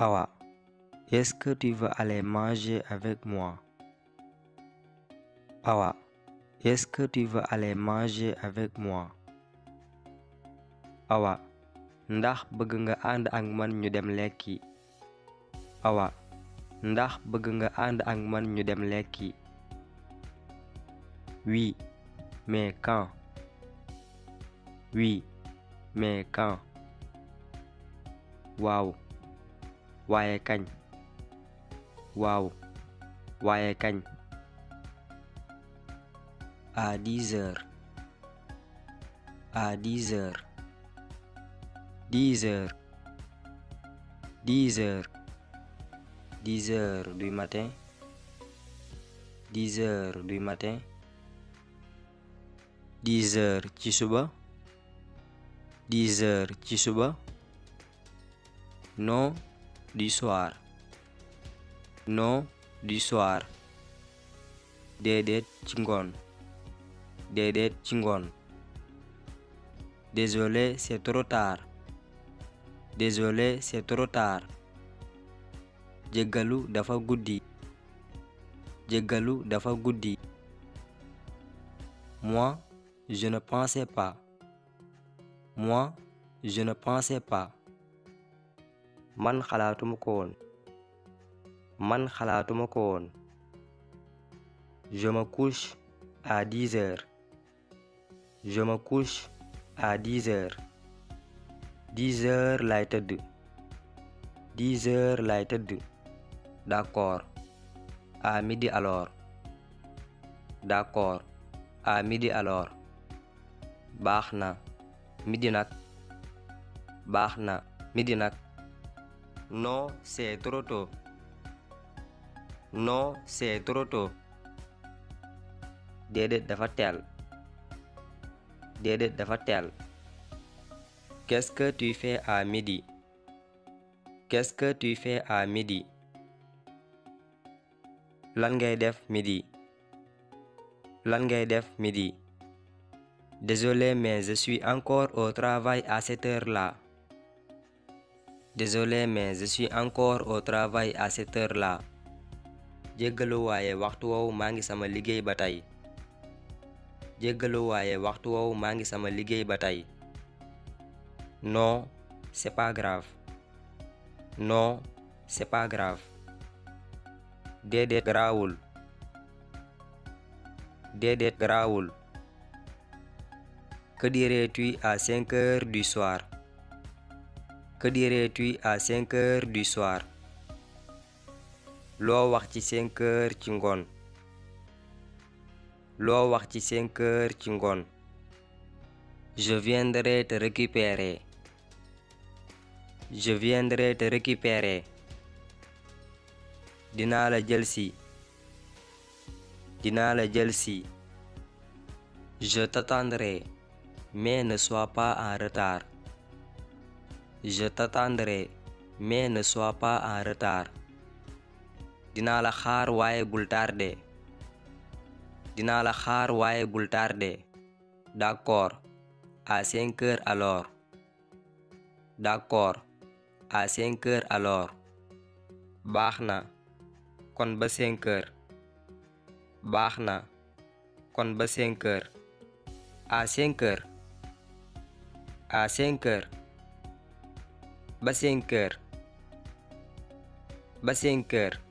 Awa, est-ce que tu veux aller manger avec moi? Awa, est-ce que tu veux aller manger avec moi? Awa, ndax bëgg and ànd ak dem lekki. Awa, ndax bëgg nga ànd ak man ñu dem lekki. Oui, mais quand? Oui, mais quand waaw waaye kañ waaw waaye kañ à dix heures à dix heures dix heures dix heures dix heures du matin dix heures du ci suba dix heures ci suba non du soir non du soir déedéet ci ngoon déedéet ci ngoon désolé c'est trop tard désolé c'est trop tard jéggalu dafa guddi jéggalu dafa guddi moi je ne pensais pas moi je ne pensais pas man xalaatuma ko man xalaatuma ko woon je me couche à dix heures je me couche à dix heures dix heures lay tëdd dix heures lay tëdd d'accord à midi alors d'accord à midi alors baax na midi nag baax na midi nag noo c'est noo tôt non c'est trop dafa teel déedéet dafa teel qu'est-ce que tu fais à midi qu'est-ce que tu midi lan ngay def midi lan ngay def midi Désolé, mais je encore au travail à cette heure mais je encore au travail à cette heure-là. jéggalu waaye waxtu woowu maa ngi sama liggéey ba tey. jéggalu waaye waxtu woowu maa ngi sama liggéey ba tey. non c'est pas grave. non c'est pas grave. déedéet garaawul. déedéet garaawul. Que dirais à 5 heures du soir loo wax ci 5 heures ci ngoon loo wax ci 5 ci ngoon je viendrai te récupérer je viendrai te récupérer dinaa la jël si dinaa la jël je t'attendrai mais ne sois pas en retard. Je t'attendrai, mais ne sois pas en retard. dinaa la xaar waaye bul tardé. dinaa la xaar waaye bul tardé. d'accord, à cinq heures alors. d'accord, à cinq alors. baax na. kon ba cinq heures. na. kon ba cinq à cinq à 5 heures ba 5 heures